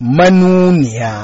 manuniya.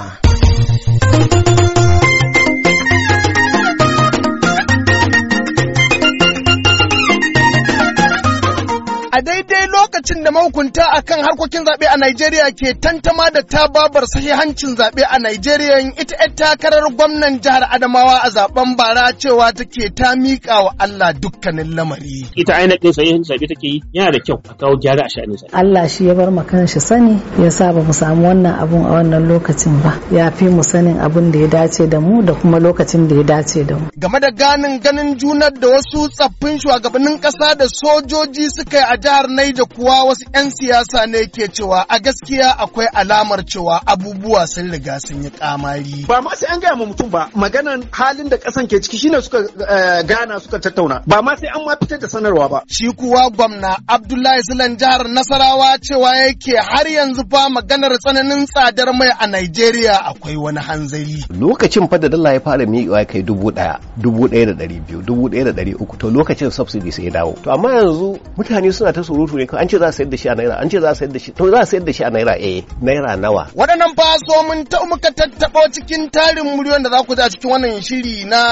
A daidai lokacin da mahukunta akan harkokin zaɓe a Najeriya ke tantama da tababar sahihancin zaɓe a Najeriya ita 'yan takarar gwamnan jihar Adamawa a zaben bara cewa take ta miƙa wa Allah dukkanin lamari. Ita ainihin sahihancin zaɓe take yi yana da kyau a kawo gyara a sha'anin zaɓe. Allah shi ya bar ma kanshi sani ya sa ba mu samu wannan abun a wannan lokacin ba ya fi mu sanin abun da ya dace da mu da kuma lokacin da ya dace da mu. Game da ganin ganin junar da wasu tsaffin shugabannin ƙasa da sojoji suka yi a jihar Naija kuwa kuwa wasu 'yan siyasa ne ke cewa a gaskiya akwai alamar cewa abubuwa sun riga sun yi kamari. Ba ma sai an gaya ma mutum ba maganan halin da kasan ke ciki shine suka eh, gana suka tattauna ba ma sai an ma fitar da sanarwa ba. Shi kuwa gwamna Abdullahi Sulan jihar Nasarawa cewa yake har yanzu fa maganar tsananin tsadar mai a Najeriya akwai wani hanzari. Lokacin fa da dala ya fara miƙewa kai dubu ɗaya, dubu ɗaya da ɗari biyu, dubu ɗaya da ɗari uku to lokacin subsidy sai ya dawo. To amma yanzu mutane suna ta surutu ne an ce za a sayar da shi a naira an ce za a sayar da shi to za a sayar da shi a naira eh naira nawa waɗannan fa so mun ta muka tattabo cikin tarin miliyon da za ku ji a cikin wannan shiri na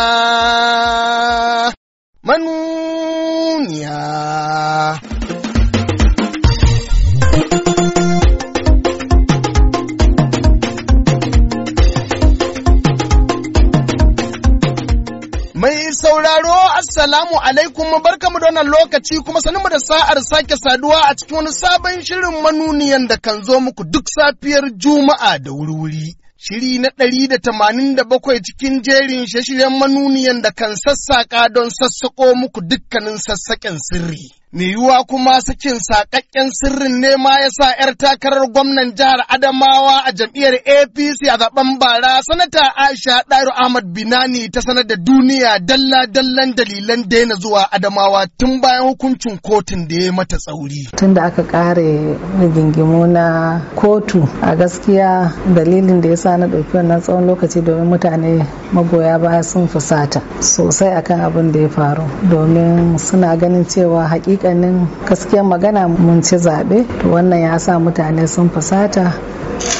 manuniya Mai sauraro Assalamu alaikum mu barka da wannan lokaci kuma sanin mu da sa'ar sake saduwa a cikin wani sabon shirin manuniyan da kan zo muku duk safiyar Juma'a da wuri-wuri. Shiri na ɗari da tamanin da bakwai cikin jerin shirye manuniyan da kan sassaƙa don sassaƙo muku dukkanin sassaƙen sirri. mai yiwuwa kuma sakin saƙaƙƙen sirrin ne ma ya sa 'yar takarar gwamnan jihar Adamawa a jam'iyyar APC a zaben bara sanata Aisha ɗaru Ahmad Binani ta sanar da duniya dalla-dallan dalilan daina zuwa Adamawa tun bayan hukuncin kotun da ya mata tsauri. Tun da aka ƙare rigingimu na kotu a gaskiya dalilin da ya sa na ɗauki wannan tsawon lokaci domin mutane magoya baya sun fusata sosai akan abin da ya faru domin suna ganin cewa haƙiƙa hakikanin gaskiyar magana mun ci zaɓe wannan ya sa mutane sun fusata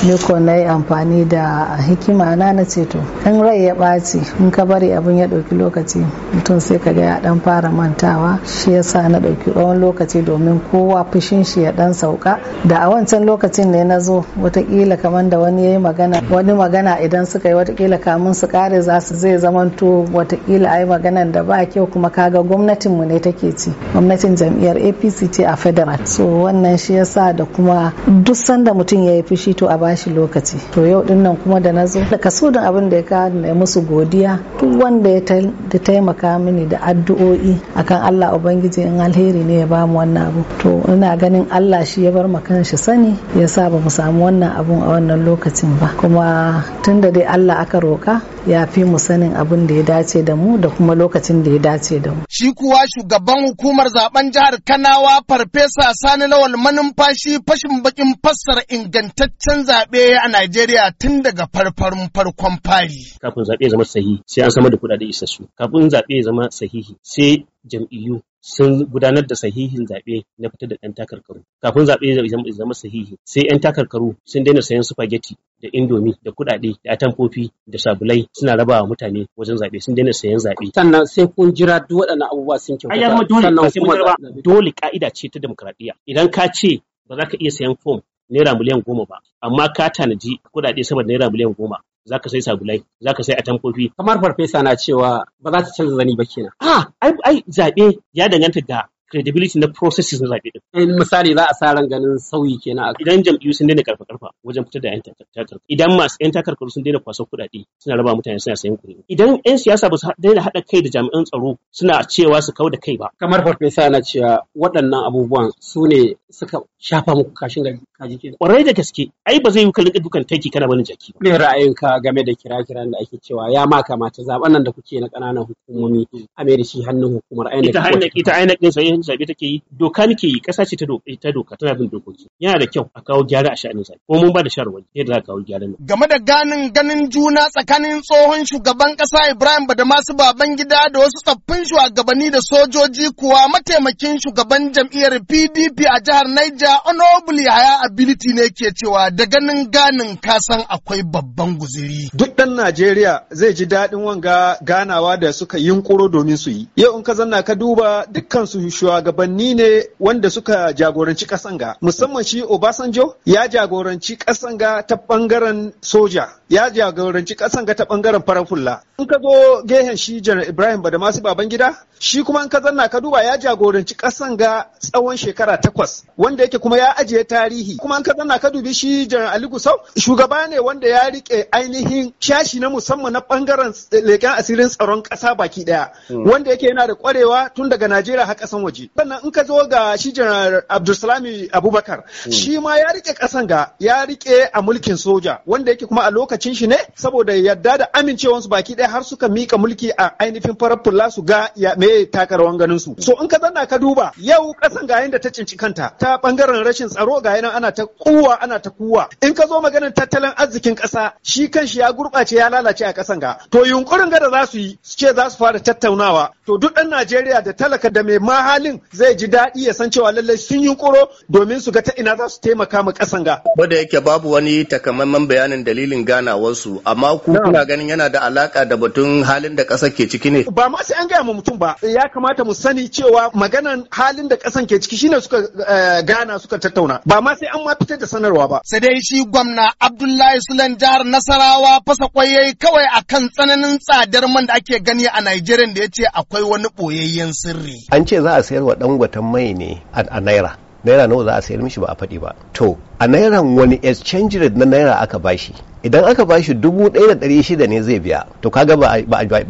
ni ko na yi amfani da hikima na na ceto in rai ya ɓaci in ka bari abin ya ɗauki lokaci mutum sai ka ga ya ɗan fara mantawa shi ya sa na ɗauki tsawon lokaci domin kowa fushin shi ya ɗan sauka da a wancan lokacin ne na zo watakila kamar da wani ya yi magana wani magana idan suka yi watakila kamun su kare za su zai zamanto watakila a yi maganan da ba kyau kuma kaga gwamnatin mu ne take ci gwamnatin jam'iyyar apc ce a federal so wannan shi ya sa da kuma duk sanda mutum ya yi fushi to a bashi lokaci to yau din nan kuma da na zo da abin da ya kawo na musu godiya duk wanda ya taimaka mini da addu'o'i akan Allah ubangiji in alheri ne ya ba mu wannan abu to ina ganin Allah shi ya bar mu shi sani ya sa ba mu samu wannan abun a wannan lokacin ba kuma tunda dai Allah aka roka ya fi mu sanin abin da ya dace da mu da kuma lokacin da ya dace da mu. Shi kuwa shugaban hukumar zaben jihar Kanawa Farfesa Sani Lawal manumfashi fashin bakin fassara ingantaccen zaɓe a Najeriya tun daga farfarin farkon fari. Kafin zaɓe zama sahihi sai an samar da kuɗaɗe isassu. Kafin zaɓe zama sahihi sai jam'iyyu sun gudanar da sahihin zaɓe na fitar da ɗan takarkaru kafin zaɓe ya zama sahihi sai yan takarkaru sun daina sayan spaghetti da indomi da kuɗaɗe da atamfofi da sabulai suna raba wa mutane wajen zaɓe sun daina sayan zaɓe sannan sai kun jira duk waɗannan abubuwa sun kyautata sannan kuma dole ka'ida ce ta demokradiyya idan ka ce ba za ka iya sayan fom naira miliyan goma ba amma ka tanaji kuɗaɗe sama da naira miliyan goma zaka sai sabulai zaka sai atamfofi kamar farfesa na cewa ba za ta canza zani ba kenan a ah, ai ai zabe ya danganta da credibility na processes na zaɓe din. In misali za a sa ran ganin sauyi kenan. Idan jam'iyyu sun daina karfa karfa wajen fitar da 'yan takarkaru. Idan masu 'yan takarkaru sun daina kwasan kuɗaɗe suna raba mutane suna sayan kuɗi. Idan 'yan siyasa ba su daina haɗa kai da jami'an tsaro suna cewa su kau da kai ba. Kamar farfesa na cewa waɗannan abubuwan su ne suka shafa muku kashin kaji kenan. Ƙwarai da gaske ai ba zai yi kalin dukan taiki kana wani jaki ba. Me ra'ayinka game da kira-kiran da ake cewa ya ma kamata zaɓen nan da kuke na ƙananan hukumomi a mai da shi hannun hukumar INEC. Ita INEC ita lokacin zabe take yi doka nake yi ƙasa ce ta doka tana bin dokoki yana da kyau a kawo gyara a sha'anin zabe ko mun ba da ne da za a kawo gyara ne? game da ganin ganin juna tsakanin tsohon shugaban ƙasa Ibrahim masu baban gida da wasu tsaffin shugabanni da sojoji kuwa mataimakin shugaban jam'iyyar PDP a jihar Niger Honorable Yahaya Ability ne ke cewa da ganin ganin kasan akwai babban guziri. Duk ɗan Najeriya zai ji daɗin wanga ganawa da suka yunkuro domin su yi. Yau in ka zanna ka duba dukkan su shugabanni ne wanda suka jagoranci ƙasan ga musamman shi Obasanjo ya jagoranci ƙasan ga ta bangaren soja ya jagoranci ƙasan ga ta bangaren farar fulla in ka zo gehen shi Janar Ibrahim Badamasi Babangida shi kuma in ka zanna ka duba ya jagoranci ƙasan ga tsawon shekara takwas wanda yake kuma ya ajiye tarihi kuma in ka zanna ka dubi shi Janar Ali Gusau shugaba ne wanda ya rike ainihin shashi na musamman na bangaren leƙen asirin tsaron ƙasa baki ɗaya hmm. wanda yake yana da ƙwarewa tun daga Najeriya har ƙasan waje soji sannan in ka zo ga shi janar abdulsalami abubakar hmm. shi ma ya rike kasan ga ya rike a mulkin soja wanda yake kuma a lokacin shi ne saboda yadda da amincewansu baki ɗaya har suka mika mulki a ainihin farar fulla su ga me takarawan ganin su so in ka zanna ka duba yau kasan ga yanda ta cinci kanta ta bangaren rashin tsaro ga yana ana ta kuwa ana ta kuwa in ka zo maganar tattalin arzikin ƙasa shi kanshi ya gurɓace ya lalace a ƙasan ga to yunkurin ga da za su yi su ce za su fara tattaunawa to duk ɗan Najeriya da talaka da mai mahalin din zai ji daɗi ya san cewa lallai sun yi kuro domin su ga ta ina za su taimaka ma ƙasan ga. Ko da yake babu wani takamaiman bayanin dalilin ganawarsu amma ku kuna ganin yana da alaƙa da batun halin da ƙasar ke ciki ne. Ba ma sai an gaya ma mutum ba ya kamata mu sani cewa maganan halin da ƙasan ke ciki shine suka eh, gana suka tattauna ba ma sai an ma fitar da sanarwa ba. Sai dai shi gwamna Abdullahi Sulan jihar Nasarawa fasa kwayayi kawai akan tsananin tsadar man da ake gani a Najeriya da ya ce akwai wani ɓoyayyen sirri. An ce za a sayar sayarwa dan watan mai ne a naira naira nawa za a sayar mishi ba a faɗi ba to a naira wani exchange rate na naira aka bashi idan aka bashi dubu ɗaya da ɗari shida ne zai biya to kaga ba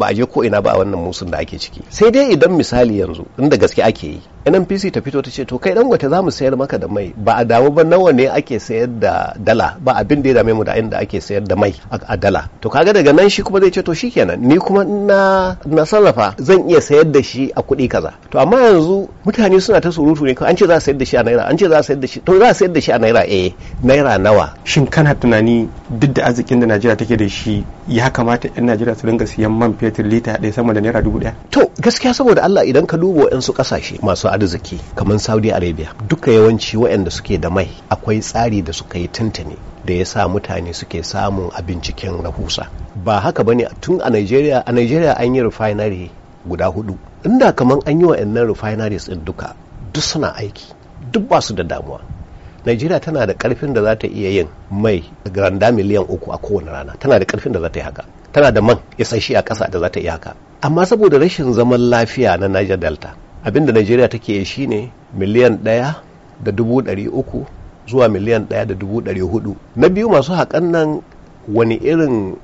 a je ko ina ba a wannan musun da ake ciki sai dai idan misali yanzu inda gaske ake yi nnpc ta fito ta ce to kai dangote za mu sayar maka da mai ba a damu ba nawa ne ake sayar da dala ba abin da ya dame mu da inda ake sayar da mai a dala to kaga daga nan shi kuma zai ce to shikenan ni kuma na na sarrafa zan iya sayar da shi a kuɗi kaza to amma yanzu mutane suna ta surutu ne an ce za a sayar da shi a naira an ce za a sayar da shi to za a sayar da shi a naira eh naira nawa shin kana tunani duk da arzikin da najeriya take da shi ya kamata yan najeriya su dinga siyan man fetur lita ɗaya sama da naira dubu ɗaya to gaskiya saboda allah idan ka duba wayansu kasashe. masu arziki kamar saudi arabia duka yawanci waɗanda suke da mai akwai tsari da suka yi tuntuni da ya sa mutane suke samun abinciken rahusa ba haka ba ne tun a nigeria a nigeria an yi refinery guda hudu inda kamar an yi wa'annan refineries ɗin duka duk suna aiki duk ba su da damuwa najeriya tana da karfin da za ta iya yin mai randa miliyan uku a kowane rana tana da karfin da za ta yi haka tana da man isasshe a ƙasa da za ta iya haka amma saboda rashin zaman lafiya na niger delta da najeriya take yi shine miliyan ɗaya da dubu ɗari uku zuwa miliyan ɗaya da dubu ɗari hudu na biyu masu haƙan nan wani irin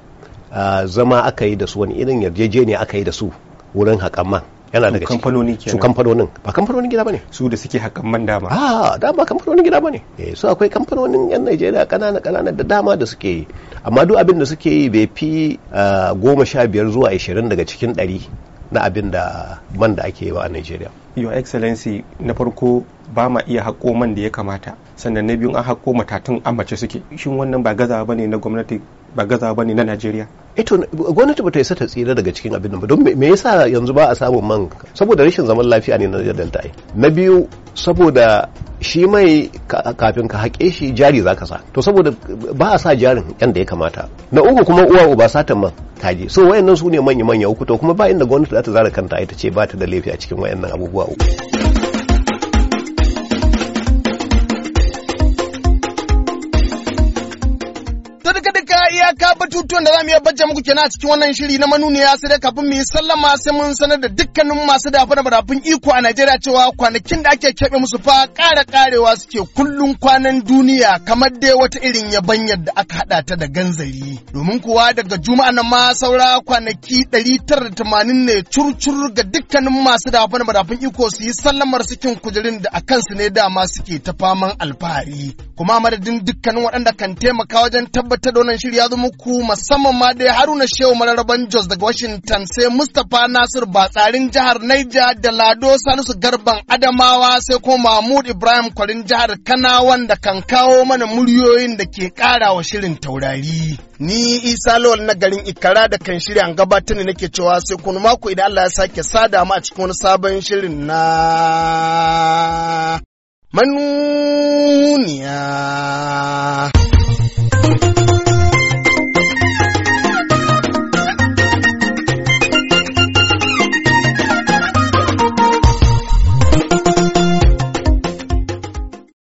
ah, zama aka yi da su wani irin yarjejeniya aka yi da su wurin haƙan man yana daga kamfanoni su kamfanonin ba kamfanonin gida bane su da suke hakan man dama a ah, da ba kamfanonin gida bane eh su akwai kamfanonin yan Najeriya kanana kanana da dama da suke yi amma duk abin da suke yi bai fi ah, goma sha biyar zuwa ashirin daga cikin ɗari na abin da man da ake yi ba a Najeriya your excellency na farko ba ma iya haƙo man da ya kamata sannan na biyu an haƙo matatun mace suke shin wannan ba gazawa ne na gwamnati ba gaza ne na Najeriya ito gwamnati bata isa ta tsira daga cikin abin ba don me yasa yanzu ba a samun man saboda rashin zaman lafiya ne na Delta ai na biyu saboda shi mai kafin ka haƙe shi jari zaka sa to saboda ba a sa jarin yanda ya kamata na uku kuma uwa uba satan man kaji so wayannan su ne manya manya uku to kuma ba inda gwamnati za ta zara kanta ita ce ba ta da laifi a cikin wayannan abubuwa uku iyaka batutuwan da za mu iya bajja muku kenan a cikin wannan shiri na manuniya sai dai kafin mu yi sallama sai mun sanar da dukkanin masu dafa da barafin iko a Najeriya cewa kwanakin da ake keɓe musu fa ƙara ƙarewa suke kullun kwanan duniya kamar dai wata irin yabanyar da aka haɗa ta da ganzari. Domin kuwa daga juma'a nan ma saura kwanaki ɗari tara tamanin ne curcur ga dukkanin masu dafa da barafin iko su yi sallamar sukin kujerin da a kansu ne dama suke ta faman alfahari. Kuma madadin dukkanin waɗanda kan taimaka wajen tabbatar da wannan shirya muku musamman ma dai Haruna Shehu mararaban Jos daga Washington sai Mustapha Nasir Batsarin jihar Naija, da Lado Salisu Garban Adamawa sai kuma Mahmud Ibrahim Kwarin jihar Kana wanda kan kawo mana muryoyin da ke karawa wa shirin taurari. Ni Isa Lawal na garin Ikara da kan shirya gabatar ne nake cewa sai kunu mako idan Allah ya sake sada mu a cikin wani sabon shirin na manuniya.